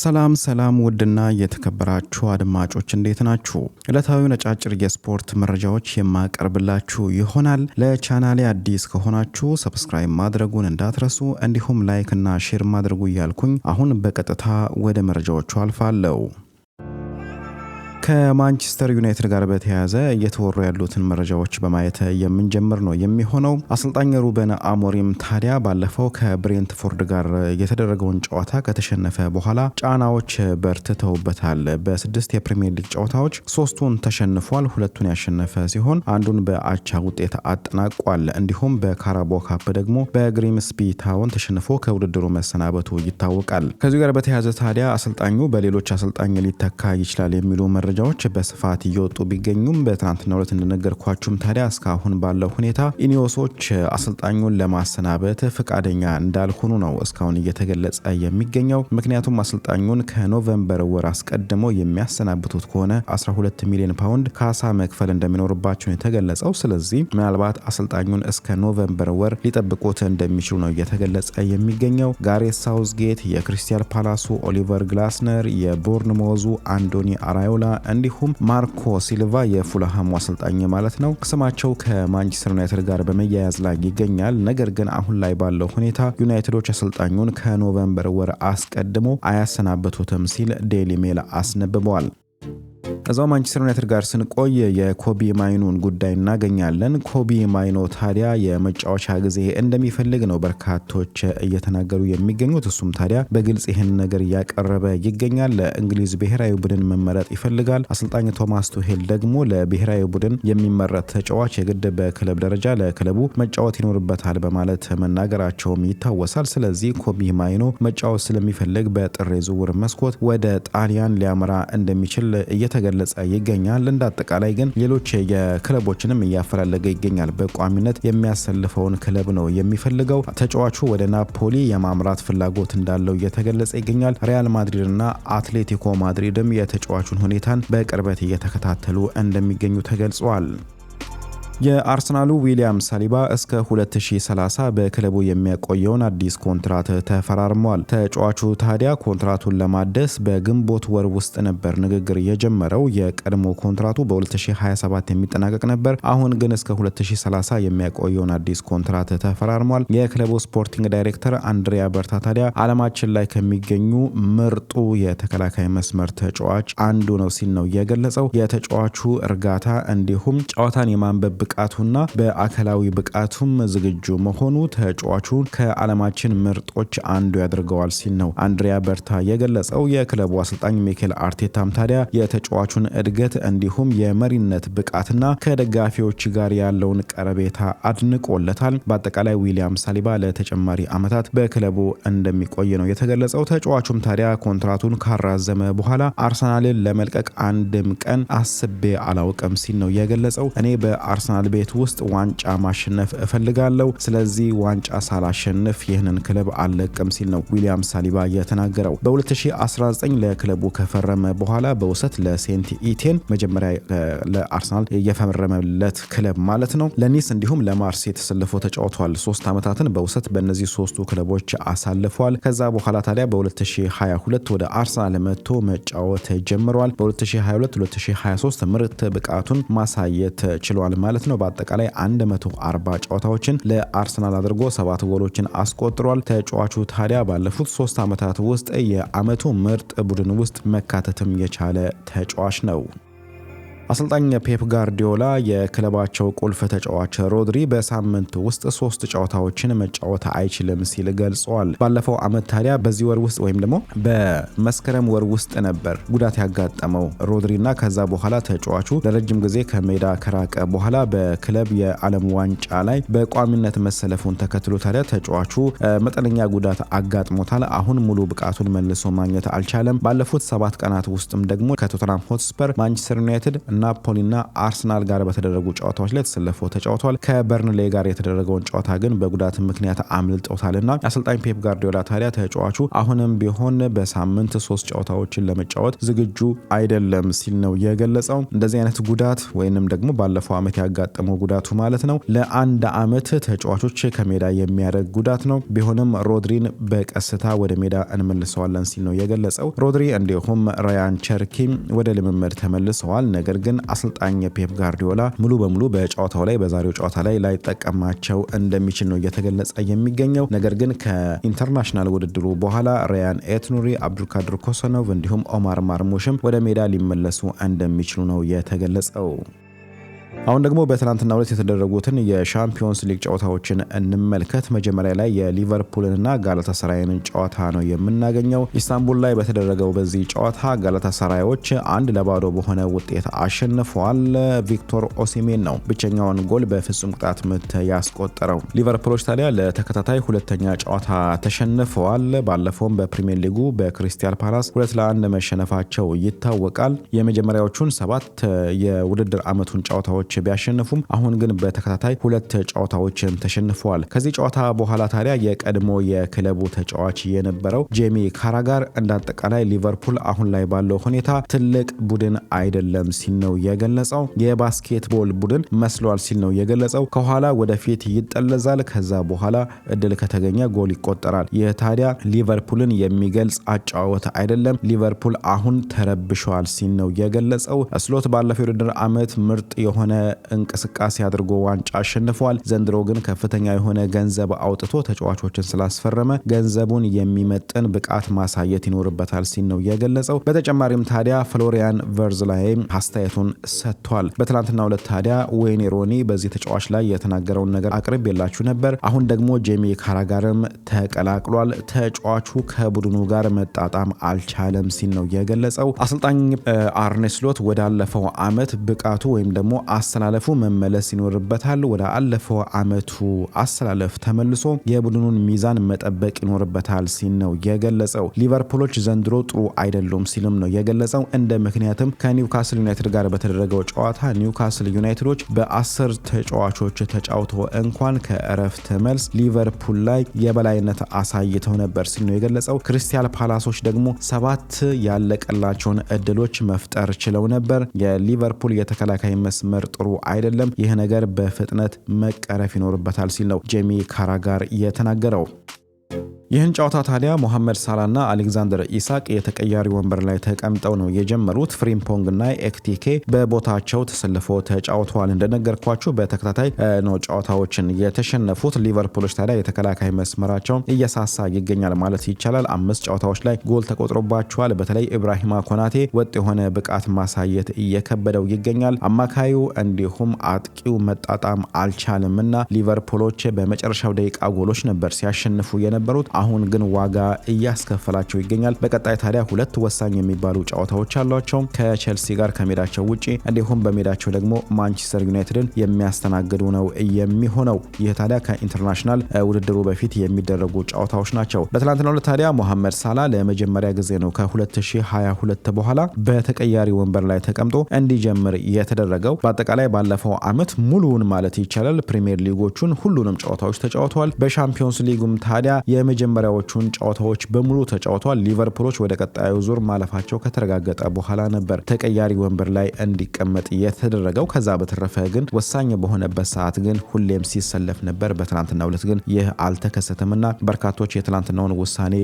ሰላም ሰላም ውድና የተከበራችሁ አድማጮች እንዴት ናችሁ? ዕለታዊ ነጫጭር የስፖርት መረጃዎች የማቀርብላችሁ ይሆናል። ለቻናሌ አዲስ ከሆናችሁ ሰብስክራይብ ማድረጉን እንዳትረሱ፣ እንዲሁም ላይክ እና ሼር ማድረጉ እያልኩኝ አሁን በቀጥታ ወደ መረጃዎቹ አልፋለሁ። ከማንቸስተር ዩናይትድ ጋር በተያያዘ እየተወሩ ያሉትን መረጃዎች በማየት የምንጀምር ነው የሚሆነው። አሰልጣኝ ሩበን አሞሪም ታዲያ ባለፈው ከብሬንትፎርድ ጋር የተደረገውን ጨዋታ ከተሸነፈ በኋላ ጫናዎች በርትተውበታል። በስድስት የፕሪምየር ሊግ ጨዋታዎች ሶስቱን ተሸንፏል፣ ሁለቱን ያሸነፈ ሲሆን አንዱን በአቻ ውጤት አጠናቋል። እንዲሁም በካራቦ ካፕ ደግሞ በግሪምስቢ ታውን ተሸንፎ ከውድድሩ መሰናበቱ ይታወቃል። ከዚሁ ጋር በተያያዘ ታዲያ አሰልጣኙ በሌሎች አሰልጣኝ ሊተካ ይችላል የሚሉ መረጃ መረጃዎች በስፋት እየወጡ ቢገኙም በትናንትናው ዕለት እንደነገርኳችሁም ታዲያ እስካሁን ባለው ሁኔታ ኢኒዮሶች አሰልጣኙን ለማሰናበት ፈቃደኛ እንዳልሆኑ ነው እስካሁን እየተገለጸ የሚገኘው። ምክንያቱም አሰልጣኙን ከኖቨምበር ወር አስቀድሞ የሚያሰናብቱት ከሆነ 12 ሚሊዮን ፓውንድ ካሳ መክፈል እንደሚኖርባቸው የተገለጸው። ስለዚህ ምናልባት አሰልጣኙን እስከ ኖቨምበር ወር ሊጠብቁት እንደሚችሉ ነው እየተገለጸ የሚገኘው። ጋሬት ሳውዝጌት፣ የክሪስታል ፓላሱ ኦሊቨር ግላስነር፣ የቦርንሞዙ አንዶኒ አራዮላ እንዲሁም ማርኮ ሲልቫ የፉልሃሙ አሰልጣኝ ማለት ነው ስማቸው ከማንቸስተር ዩናይትድ ጋር በመያያዝ ላይ ይገኛል። ነገር ግን አሁን ላይ ባለው ሁኔታ ዩናይትዶች አሰልጣኙን ከኖቨምበር ወር አስቀድሞ አያሰናበቱትም ሲል ዴሊ ሜል አስነብበዋል። እዛው ማንቸስተር ዩናይትድ ጋር ስንቆይ የኮቢ ማይኑን ጉዳይ እናገኛለን። ኮቢ ማይኖ ታዲያ የመጫወቻ ጊዜ እንደሚፈልግ ነው በርካቶች እየተናገሩ የሚገኙት። እሱም ታዲያ በግልጽ ይህን ነገር እያቀረበ ይገኛል። ለእንግሊዝ ብሔራዊ ቡድን መመረጥ ይፈልጋል። አሰልጣኝ ቶማስ ቱሄል ደግሞ ለብሔራዊ ቡድን የሚመረጥ ተጫዋች የግድ በክለብ ደረጃ ለክለቡ መጫወት ይኖርበታል በማለት መናገራቸውም ይታወሳል። ስለዚህ ኮቢ ማይኖ መጫወት ስለሚፈልግ በጥር ዝውር መስኮት ወደ ጣሊያን ሊያመራ እንደሚችል እየተገለ እየገለጸ ይገኛል። እንደ አጠቃላይ ግን ሌሎች የክለቦችንም እያፈላለገ ይገኛል። በቋሚነት የሚያሰልፈውን ክለብ ነው የሚፈልገው። ተጫዋቹ ወደ ናፖሊ የማምራት ፍላጎት እንዳለው እየተገለጸ ይገኛል። ሪያል ማድሪድና አትሌቲኮ ማድሪድም የተጫዋቹን ሁኔታን በቅርበት እየተከታተሉ እንደሚገኙ ተገልጿል። የአርሰናሉ ዊሊያም ሳሊባ እስከ 2030 በክለቡ የሚያቆየውን አዲስ ኮንትራት ተፈራርሟል። ተጫዋቹ ታዲያ ኮንትራቱን ለማደስ በግንቦት ወር ውስጥ ነበር ንግግር የጀመረው። የቀድሞ ኮንትራቱ በ2027 የሚጠናቀቅ ነበር። አሁን ግን እስከ 2030 የሚያቆየውን አዲስ ኮንትራት ተፈራርሟል። የክለቡ ስፖርቲንግ ዳይሬክተር አንድሪያ በርታ ታዲያ ዓለማችን ላይ ከሚገኙ ምርጡ የተከላካይ መስመር ተጫዋች አንዱ ነው ሲል ነው የገለጸው። የተጫዋቹ እርጋታ እንዲሁም ጨዋታን የማንበብ ብቃቱና በአካላዊ ብቃቱም ዝግጁ መሆኑ ተጫዋቹን ከዓለማችን ምርጦች አንዱ ያደርገዋል ሲል ነው አንድሪያ በርታ የገለጸው። የክለቡ አሰልጣኝ ሚኬል አርቴታም ታዲያ የተጫዋቹን እድገት እንዲሁም የመሪነት ብቃትና ከደጋፊዎች ጋር ያለውን ቀረቤታ አድንቆለታል። በአጠቃላይ ዊሊያም ሳሊባ ለተጨማሪ ዓመታት በክለቡ እንደሚቆይ ነው የተገለጸው። ተጫዋቹም ታዲያ ኮንትራቱን ካራዘመ በኋላ አርሰናልን ለመልቀቅ አንድም ቀን አስቤ አላውቅም ሲል ነው የገለጸው። እኔ በአርሰናል በአርሰናል ቤት ውስጥ ዋንጫ ማሸነፍ እፈልጋለሁ። ስለዚህ ዋንጫ ሳላሸንፍ ይህንን ክለብ አልለቅም ሲል ነው ዊሊያም ሳሊባ የተናገረው። በ2019 ለክለቡ ከፈረመ በኋላ በውሰት ለሴንት ኢቴን መጀመሪያ ለአርሰናል የፈረመለት ክለብ ማለት ነው። ለኒስ እንዲሁም ለማርሴ ተሰልፎ ተጫውቷል። ሶስት ዓመታትን በውሰት በእነዚህ ሶስቱ ክለቦች አሳልፏል። ከዛ በኋላ ታዲያ በ2022 ወደ አርሰናል መጥቶ መጫወት ጀምሯል። በ2022 2023 ምርት ብቃቱን ማሳየት ችሏል ማለት ነው። ነው። በአጠቃላይ 140 ጨዋታዎችን ለአርሰናል አድርጎ ሰባት ጎሎችን አስቆጥሯል። ተጫዋቹ ታዲያ ባለፉት ሶስት ዓመታት ውስጥ የአመቱ ምርጥ ቡድን ውስጥ መካተትም የቻለ ተጫዋች ነው። አሰልጣኝ ፔፕ ጋርዲዮላ የክለባቸው ቁልፍ ተጫዋች ሮድሪ በሳምንት ውስጥ ሶስት ጨዋታዎችን መጫወት አይችልም ሲል ገልጸዋል። ባለፈው ዓመት ታዲያ በዚህ ወር ውስጥ ወይም ደግሞ በመስከረም ወር ውስጥ ነበር ጉዳት ያጋጠመው ሮድሪና ከዛ በኋላ ተጫዋቹ ለረጅም ጊዜ ከሜዳ ከራቀ በኋላ በክለብ የዓለም ዋንጫ ላይ በቋሚነት መሰለፉን ተከትሎ ታዲያ ተጫዋቹ መጠነኛ ጉዳት አጋጥሞታል። አሁን ሙሉ ብቃቱን መልሶ ማግኘት አልቻለም። ባለፉት ሰባት ቀናት ውስጥም ደግሞ ከቶተናም ሆትስፐር፣ ማንቸስተር ዩናይትድ ናፖሊና አርሰናል ጋር በተደረጉ ጨዋታዎች ላይ ተሰልፎ ተጫውቷል። ከበርንሌ ጋር የተደረገውን ጨዋታ ግን በጉዳት ምክንያት አምልጦታልና አሰልጣኝ ፔፕ ጋርዲዮላ ታዲያ ተጫዋቹ አሁንም ቢሆን በሳምንት ሶስት ጨዋታዎችን ለመጫወት ዝግጁ አይደለም ሲል ነው የገለጸው። እንደዚህ አይነት ጉዳት ወይንም ደግሞ ባለፈው ዓመት ያጋጠመው ጉዳቱ ማለት ነው ለአንድ ዓመት ተጫዋቾች ከሜዳ የሚያደርግ ጉዳት ነው። ቢሆንም ሮድሪን በቀስታ ወደ ሜዳ እንመልሰዋለን ሲል ነው የገለጸው። ሮድሪ እንዲሁም ራያን ቸርኪ ወደ ልምምድ ተመልሰዋል። ነገር ግን አሰልጣኝ የፔፕ ጋርዲዮላ ሙሉ በሙሉ በጨዋታው ላይ በዛሬው ጨዋታ ላይ ላይጠቀማቸው እንደሚችል ነው እየተገለጸ የሚገኘው። ነገር ግን ከኢንተርናሽናል ውድድሩ በኋላ ሪያን ኤትኑሪ፣ አብዱልካድር ኮሰኖቭ እንዲሁም ኦማር ማርሙሽም ወደ ሜዳ ሊመለሱ እንደሚችሉ ነው የተገለጸው። አሁን ደግሞ በትናንትና ሁለት የተደረጉትን የሻምፒዮንስ ሊግ ጨዋታዎችን እንመልከት። መጀመሪያ ላይ የሊቨርፑልንና ጋላታሳራይንን ጨዋታ ነው የምናገኘው። ኢስታንቡል ላይ በተደረገው በዚህ ጨዋታ ጋላታሳራዮች አንድ ለባዶ በሆነ ውጤት አሸንፈዋል። ቪክቶር ኦሲሜን ነው ብቸኛውን ጎል በፍጹም ቅጣት ምት ያስቆጠረው። ሊቨርፑሎች ታዲያ ለተከታታይ ሁለተኛ ጨዋታ ተሸንፈዋል። ባለፈውም በፕሪምየር ሊጉ በክሪስታል ፓላስ ሁለት ለአንድ መሸነፋቸው ይታወቃል። የመጀመሪያዎቹን ሰባት የውድድር ዓመቱን ጨዋታዎች ቢያሸንፉም አሁን ግን በተከታታይ ሁለት ጨዋታዎችን ተሸንፈዋል። ከዚህ ጨዋታ በኋላ ታዲያ የቀድሞ የክለቡ ተጫዋች የነበረው ጄሚ ካራጋር እንደ አጠቃላይ ሊቨርፑል አሁን ላይ ባለው ሁኔታ ትልቅ ቡድን አይደለም ሲል ነው የገለጸው። የባስኬትቦል ቡድን መስሏል ሲል ነው የገለጸው። ከኋላ ወደፊት ይጠለዛል፣ ከዛ በኋላ እድል ከተገኘ ጎል ይቆጠራል። ይህ ታዲያ ሊቨርፑልን የሚገልጽ አጫወት አይደለም። ሊቨርፑል አሁን ተረብሸዋል ሲል ነው የገለጸው። ስሎት ባለፈው የውድድር ዓመት ምርጥ የሆነ እንቅስቃሴ አድርጎ ዋንጫ አሸንፏል። ዘንድሮ ግን ከፍተኛ የሆነ ገንዘብ አውጥቶ ተጫዋቾችን ስላስፈረመ ገንዘቡን የሚመጥን ብቃት ማሳየት ይኖርበታል ሲል ነው የገለጸው። በተጨማሪም ታዲያ ፍሎሪያን ቨርዝ ላይ አስተያየቱን ሰጥቷል። በትናንትና ሁለት ታዲያ ወይኔ ሮኒ በዚህ ተጫዋች ላይ የተናገረውን ነገር አቅርብ የላችሁ ነበር። አሁን ደግሞ ጄሚ ካራጋርም ተቀላቅሏል። ተጫዋቹ ከቡድኑ ጋር መጣጣም አልቻለም ሲል ነው የገለጸው። አሰልጣኝ አርኔስሎት ወዳለፈው አመት ብቃቱ ወይም ደግሞ አሳ አሰላለፉ መመለስ ይኖርበታል። ወደ አለፈው ዓመቱ አሰላለፍ ተመልሶ የቡድኑን ሚዛን መጠበቅ ይኖርበታል ሲል ነው የገለጸው። ሊቨርፑሎች ዘንድሮ ጥሩ አይደሉም ሲልም ነው የገለጸው። እንደ ምክንያትም ከኒውካስል ዩናይትድ ጋር በተደረገው ጨዋታ ኒውካስል ዩናይትዶች በአስር ተጫዋቾች ተጫውተው እንኳን ከእረፍት መልስ ሊቨርፑል ላይ የበላይነት አሳይተው ነበር ሲል ነው የገለጸው። ክሪስታል ፓላሶች ደግሞ ሰባት ያለቀላቸውን እድሎች መፍጠር ችለው ነበር። የሊቨርፑል የተከላካይ መስመር ጥሩ አይደለም። ይህ ነገር በፍጥነት መቀረፍ ይኖርበታል ሲል ነው ጄሚ ካራጋር የተናገረው። ይህን ጨዋታ ታዲያ ሞሐመድ ሳላና አሌክዛንደር ኢሳቅ የተቀያሪ ወንበር ላይ ተቀምጠው ነው የጀመሩት። ፍሪምፖንግና ኤክቲኬ በቦታቸው ተሰልፎ ተጫውተዋል። እንደነገርኳችሁ በተከታታይ ነው ጨዋታዎችን የተሸነፉት። ሊቨርፑሎች ታዲያ የተከላካይ መስመራቸውን እየሳሳ ይገኛል ማለት ይቻላል። አምስት ጨዋታዎች ላይ ጎል ተቆጥሮባቸዋል። በተለይ ኢብራሂማ ኮናቴ ወጥ የሆነ ብቃት ማሳየት እየከበደው ይገኛል። አማካዩ እንዲሁም አጥቂው መጣጣም አልቻልም እና ሊቨርፑሎች በመጨረሻው ደቂቃ ጎሎች ነበር ሲያሸንፉ የነበሩት። አሁን ግን ዋጋ እያስከፈላቸው ይገኛል። በቀጣይ ታዲያ ሁለት ወሳኝ የሚባሉ ጨዋታዎች አሏቸው ከቸልሲ ጋር ከሜዳቸው ውጪ፣ እንዲሁም በሜዳቸው ደግሞ ማንቸስተር ዩናይትድን የሚያስተናግዱ ነው የሚሆነው። ይህ ታዲያ ከኢንተርናሽናል ውድድሩ በፊት የሚደረጉ ጨዋታዎች ናቸው። በትላንትናው ዕለት ታዲያ ሞሐመድ ሳላ ለመጀመሪያ ጊዜ ነው ከ2022 በኋላ በተቀያሪ ወንበር ላይ ተቀምጦ እንዲጀምር የተደረገው። በአጠቃላይ ባለፈው አመት ሙሉውን ማለት ይቻላል ፕሪምየር ሊጎቹን ሁሉንም ጨዋታዎች ተጫውተዋል። በሻምፒዮንስ ሊጉም ታዲያ የመጀመሪያዎቹን ጨዋታዎች በሙሉ ተጫውተዋል። ሊቨርፑሎች ወደ ቀጣዩ ዙር ማለፋቸው ከተረጋገጠ በኋላ ነበር ተቀያሪ ወንበር ላይ እንዲቀመጥ የተደረገው። ከዛ በተረፈ ግን ወሳኝ በሆነበት ሰዓት ግን ሁሌም ሲሰለፍ ነበር። በትናንትናው ዕለት ግን ይህ አልተከሰተም እና በርካቶች የትናንትናውን ውሳኔ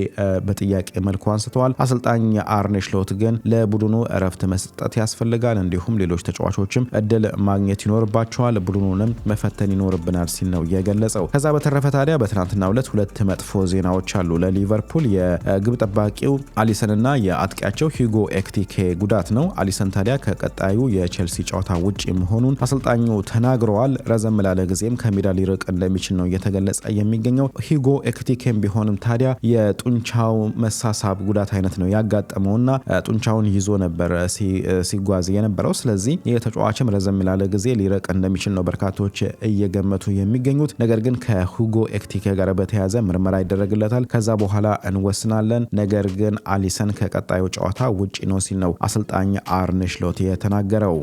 በጥያቄ መልኩ አንስተዋል። አሰልጣኝ አርኔ ስሎት ግን ለቡድኑ እረፍት መስጠት ያስፈልጋል፣ እንዲሁም ሌሎች ተጫዋቾችም እድል ማግኘት ይኖርባቸዋል፣ ቡድኑንም መፈተን ይኖርብናል ሲል ነው የገለጸው። ከዛ በተረፈ ታዲያ በትናንትናው ዕለት ሁለት መጥፎ ዜና ዜናዎች አሉ። ለሊቨርፑል የግብ ጠባቂው አሊሰንና የአጥቂያቸው ሂጎ ኤክቲኬ ጉዳት ነው። አሊሰን ታዲያ ከቀጣዩ የቼልሲ ጨዋታ ውጭ መሆኑን አሰልጣኙ ተናግረዋል። ረዘም ላለ ጊዜም ከሜዳ ሊርቅ እንደሚችል ነው እየተገለጸ የሚገኘው። ሂጎ ኤክቲኬም ቢሆንም ታዲያ የጡንቻው መሳሳብ ጉዳት አይነት ነው ያጋጠመውና ጡንቻውን ይዞ ነበር ሲጓዝ የነበረው። ስለዚህ የተጫዋችም ረዘም ላለ ጊዜ ሊርቅ እንደሚችል ነው በርካቶች እየገመቱ የሚገኙት። ነገር ግን ከሂጎ ኤክቲኬ ጋር በተያያዘ ምርመራ ይደረግለ ይደረግለታል። ከዛ በኋላ እንወስናለን። ነገር ግን አሊሰን ከቀጣዩ ጨዋታ ውጪ ነው ሲል ነው አሰልጣኝ አርኔ ስሎት የተናገረው።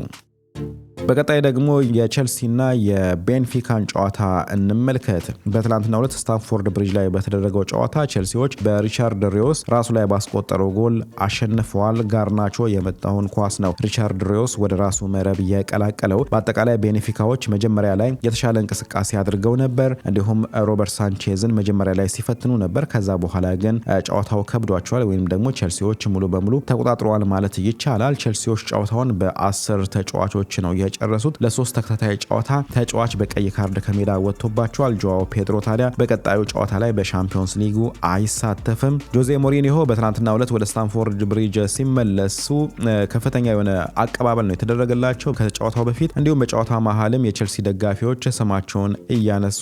በቀጣይ ደግሞ የቼልሲና የቤንፊካን ጨዋታ እንመልከት። በትላንትና ሁለት ስታንፎርድ ብሪጅ ላይ በተደረገው ጨዋታ ቼልሲዎች በሪቻርድ ሪዮስ ራሱ ላይ ባስቆጠረው ጎል አሸንፈዋል። ጋርናቾ የመጣውን ኳስ ነው ሪቻርድ ሪዮስ ወደ ራሱ መረብ የቀላቀለው። በአጠቃላይ ቤንፊካዎች መጀመሪያ ላይ የተሻለ እንቅስቃሴ አድርገው ነበር። እንዲሁም ሮበርት ሳንቼዝን መጀመሪያ ላይ ሲፈትኑ ነበር። ከዛ በኋላ ግን ጨዋታው ከብዷቸዋል ወይም ደግሞ ቼልሲዎች ሙሉ በሙሉ ተቆጣጥረዋል ማለት ይቻላል። ቼልሲዎች ጨዋታውን በአስር ተጫዋቾች ነው የጨረሱት። ለሶስት ተከታታይ ጨዋታ ተጫዋች በቀይ ካርድ ከሜዳ ወጥቶባቸዋል። ጆዋው ፔድሮ ታዲያ በቀጣዩ ጨዋታ ላይ በሻምፒዮንስ ሊጉ አይሳተፍም። ጆዜ ሞሪኒሆ በትናንትናው ዕለት ወደ ስታንፎርድ ብሪጅ ሲመለሱ ከፍተኛ የሆነ አቀባበል ነው የተደረገላቸው ከጨዋታው በፊት እንዲሁም በጨዋታ መሀልም የቼልሲ ደጋፊዎች ስማቸውን እያነሱ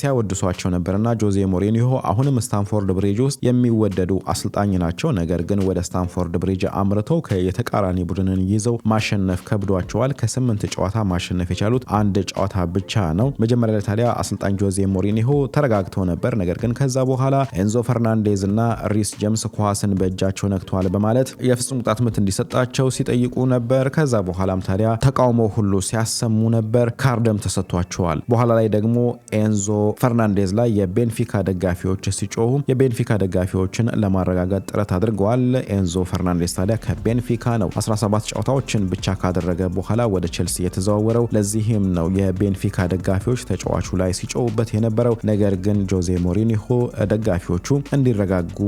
ሲያወድሷቸው ነበር ጆዜ ሞሪኒሆ አሁንም ስታንፎርድ ብሪጅ ውስጥ የሚወደዱ አሰልጣኝ ናቸው። ነገር ግን ወደ ስታንፎርድ ብሪጅ አምርተው የተቃራኒ ቡድንን ይዘው ማሸነፍ ከብዷቸዋል። ከስምንት ስምንት ጨዋታ ማሸነፍ የቻሉት አንድ ጨዋታ ብቻ ነው። መጀመሪያ ላይ ታዲያ አሰልጣኝ ጆዜ ሞሪኒሆ ተረጋግተው ነበር። ነገር ግን ከዛ በኋላ ኤንዞ ፈርናንዴዝ እና ሪስ ጀምስ ኳስን በእጃቸው ነክተዋል በማለት የፍጹም ቅጣት ምት እንዲሰጣቸው ሲጠይቁ ነበር። ከዛ በኋላም ታዲያ ተቃውሞ ሁሉ ሲያሰሙ ነበር። ካርደም ተሰጥቷቸዋል። በኋላ ላይ ደግሞ ኤንዞ ፈርናንዴዝ ላይ የቤንፊካ ደጋፊዎች ሲጮሁ የቤንፊካ ደጋፊዎችን ለማረጋገጥ ጥረት አድርገዋል። ኤንዞ ፈርናንዴዝ ታዲያ ከቤንፊካ ነው 17 ጨዋታዎችን ብቻ ካደረገ በኋላ ወደ ቼልሲ የተዘዋወረው። ለዚህም ነው የቤንፊካ ደጋፊዎች ተጫዋቹ ላይ ሲጮውበት የነበረው። ነገር ግን ጆዜ ሞሪኒሆ ደጋፊዎቹ እንዲረጋጉ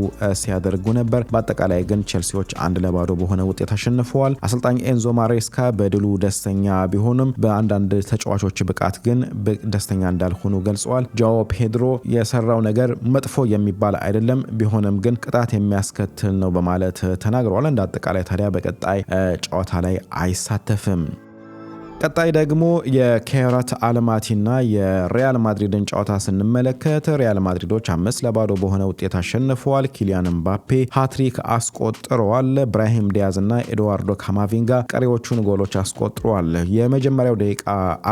ሲያደርጉ ነበር። በአጠቃላይ ግን ቼልሲዎች አንድ ለባዶ በሆነ ውጤት አሸንፈዋል። አሰልጣኝ ኤንዞ ማሬስካ በድሉ ደስተኛ ቢሆንም በአንዳንድ ተጫዋቾች ብቃት ግን ደስተኛ እንዳልሆኑ ገልጸዋል። ጃኦ ፔድሮ የሰራው ነገር መጥፎ የሚባል አይደለም፣ ቢሆንም ግን ቅጣት የሚያስከትል ነው በማለት ተናግረዋል። እንደ አጠቃላይ ታዲያ በቀጣይ ጨዋታ ላይ አይሳተፍም። ቀጣይ ደግሞ የኬራት አልማቲና የሪያል ማድሪድን ጨዋታ ስንመለከት ሪያል ማድሪዶች አምስት ለባዶ በሆነ ውጤት አሸንፈዋል። ኪሊያን ምባፔ ሃትሪክ አስቆጥረዋል። ብራሂም ዲያዝ እና ኤድዋርዶ ካማቪንጋ ቀሪዎቹን ጎሎች አስቆጥረዋል። የመጀመሪያው ደቂቃ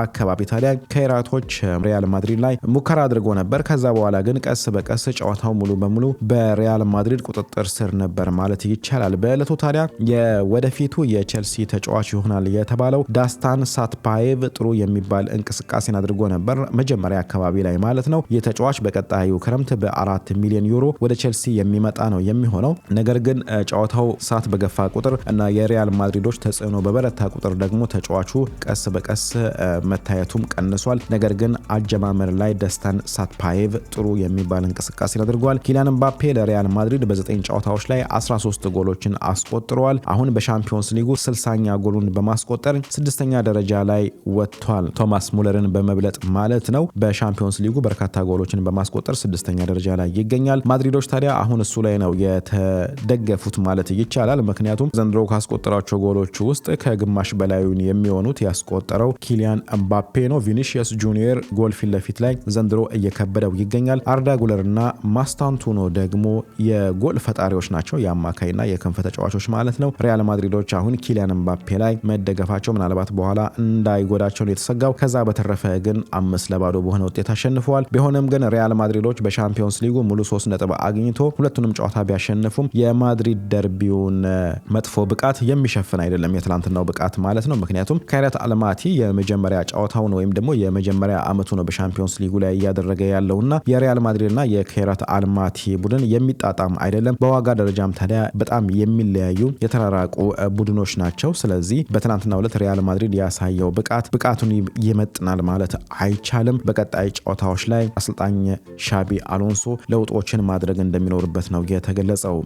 አካባቢ ታዲያ ኬራቶች ሪያል ማድሪድ ላይ ሙከራ አድርጎ ነበር። ከዛ በኋላ ግን ቀስ በቀስ ጨዋታው ሙሉ በሙሉ በሪያል ማድሪድ ቁጥጥር ስር ነበር ማለት ይቻላል። በዕለቱ ታዲያ የወደፊቱ የቼልሲ ተጫዋች ይሆናል የተባለው ዳስታን ሳትፓዬቭ ጥሩ የሚባል እንቅስቃሴን አድርጎ ነበር፣ መጀመሪያ አካባቢ ላይ ማለት ነው። የተጫዋች በቀጣዩ ክረምት በአራት ሚሊዮን ዩሮ ወደ ቼልሲ የሚመጣ ነው የሚሆነው። ነገር ግን ጨዋታው ሳት በገፋ ቁጥር እና የሪያል ማድሪዶች ተጽዕኖ በበረታ ቁጥር ደግሞ ተጫዋቹ ቀስ በቀስ መታየቱም ቀንሷል። ነገር ግን አጀማመር ላይ ደስታን ሳትፓዬቭ ጥሩ የሚባል እንቅስቃሴን አድርጓል። ኪሊያን ምባፔ ለሪያል ማድሪድ በ9 ጨዋታዎች ላይ 13 ጎሎችን አስቆጥረዋል። አሁን በሻምፒዮንስ ሊጉ 60ኛ ጎሉን በማስቆጠር ስድስተኛ ደረጃ ደረጃ ላይ ወጥቷል። ቶማስ ሙለርን በመብለጥ ማለት ነው። በሻምፒዮንስ ሊጉ በርካታ ጎሎችን በማስቆጠር ስድስተኛ ደረጃ ላይ ይገኛል። ማድሪዶች ታዲያ አሁን እሱ ላይ ነው የተደገፉት ማለት ይቻላል። ምክንያቱም ዘንድሮ ካስቆጠሯቸው ጎሎች ውስጥ ከግማሽ በላዩን የሚሆኑት ያስቆጠረው ኪሊያን እምባፔ ነው። ቪኒሺየስ ጁኒየር ጎል ፊት ለፊት ላይ ዘንድሮ እየከበደው ይገኛል። አርዳ ጉለርና ማስታንቱኖ ደግሞ የጎል ፈጣሪዎች ናቸው፣ የአማካይና የክንፍ ተጫዋቾች ማለት ነው። ሪያል ማድሪዶች አሁን ኪሊያን እምባፔ ላይ መደገፋቸው ምናልባት በኋላ እንዳይጎዳቸው ነው የተሰጋው። ከዛ በተረፈ ግን አምስት ለባዶ በሆነ ውጤት አሸንፈዋል። ቢሆንም ግን ሪያል ማድሪዶች በሻምፒዮንስ ሊጉ ሙሉ ሶስት ነጥብ አግኝቶ ሁለቱንም ጨዋታ ቢያሸንፉም የማድሪድ ደርቢውን መጥፎ ብቃት የሚሸፍን አይደለም፣ የትላንትናው ብቃት ማለት ነው። ምክንያቱም ካይራት አልማቲ የመጀመሪያ ጨዋታውን ወይም ደግሞ የመጀመሪያ አመቱ ነው በሻምፒዮንስ ሊጉ ላይ እያደረገ ያለውና የሪያል ማድሪድና የካይራት አልማቲ ቡድን የሚጣጣም አይደለም። በዋጋ ደረጃም ታዲያ በጣም የሚለያዩ የተራራቁ ቡድኖች ናቸው። ስለዚህ በትናንትናው ዕለት ሪያል ማድሪድ ያሳ ያሳየው ብቃት ብቃቱን ይመጥናል ማለት አይቻልም። በቀጣይ ጨዋታዎች ላይ አሰልጣኝ ሻቢ አሎንሶ ለውጦችን ማድረግ እንደሚኖርበት ነው የተገለጸው።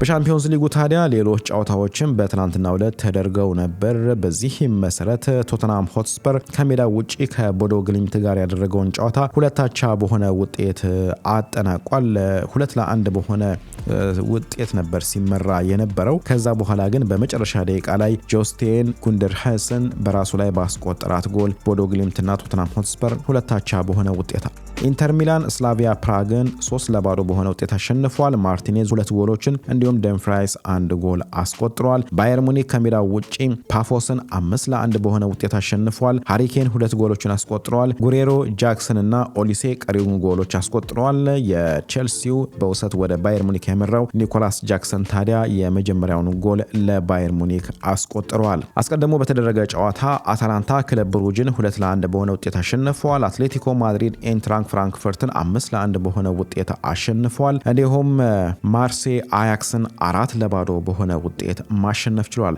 በሻምፒዮንስ ሊጉ ታዲያ ሌሎች ጨዋታዎችም በትናንትና ዕለት ተደርገው ነበር። በዚህም መሰረት ቶተናም ሆትስፐር ከሜዳ ውጪ ከቦዶ ግሊምት ጋር ያደረገውን ጨዋታ ሁለታቻ በሆነ ውጤት አጠናቋል። ሁለት ለአንድ በሆነ ውጤት ነበር ሲመራ የነበረው። ከዛ በኋላ ግን በመጨረሻ ደቂቃ ላይ ጆስቴን ጉንደር በራሱ ላይ ባስቆጠራት ጎል ቦዶ ግሊምትና ቶተናም ሆትስፐር ሁለታቻ በሆነ ውጤት ኢንተር ሚላን ስላቪያ ፕራግን ሶስት ለባዶ በሆነ ውጤት አሸንፏል። ማርቲኔዝ ሁለት ጎሎችን እንዲ እንዲሁም ደምፍራይስ አንድ ጎል አስቆጥረዋል። ባየር ሙኒክ ከሜዳ ውጪ ፓፎስን አምስት ለአንድ በሆነ ውጤት አሸንፏል። ሃሪኬን ሁለት ጎሎችን አስቆጥረዋል። ጉሬሮ፣ ጃክሰን እና ኦሊሴ ቀሪውን ጎሎች አስቆጥረዋል። የቼልሲው በውሰት ወደ ባየር ሙኒክ ያመራው ኒኮላስ ጃክሰን ታዲያ የመጀመሪያውን ጎል ለባየር ሙኒክ አስቆጥረዋል። አስቀድሞ በተደረገ ጨዋታ አታላንታ ክለብ ብሩጅን ሁለት ለአንድ በሆነ ውጤት አሸንፈዋል። አትሌቲኮ ማድሪድ ኤንትራንክ ፍራንክፈርትን አምስት ለአንድ በሆነ ውጤት አሸንፏል። እንዲሁም ማርሴ አያክስ አያክስን አራት ለባዶ በሆነ ውጤት ማሸነፍ ችሏል።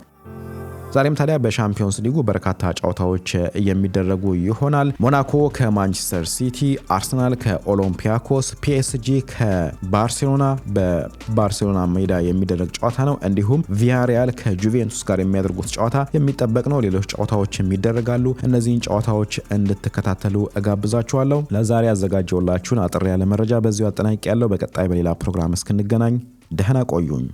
ዛሬም ታዲያ በሻምፒዮንስ ሊጉ በርካታ ጨዋታዎች የሚደረጉ ይሆናል። ሞናኮ ከማንቸስተር ሲቲ፣ አርሰናል ከኦሎምፒያኮስ፣ ፒኤስጂ ከባርሴሎና በባርሴሎና ሜዳ የሚደረግ ጨዋታ ነው። እንዲሁም ቪያሪያል ከጁቬንቱስ ጋር የሚያደርጉት ጨዋታ የሚጠበቅ ነው። ሌሎች ጨዋታዎችም ይደረጋሉ። እነዚህን ጨዋታዎች እንድትከታተሉ እጋብዛችኋለሁ። ለዛሬ ያዘጋጀውላችሁን አጠር ያለ መረጃ በዚሁ አጠናቂ ያለው። በቀጣይ በሌላ ፕሮግራም እስክንገናኝ ደህና ቆዩኝ።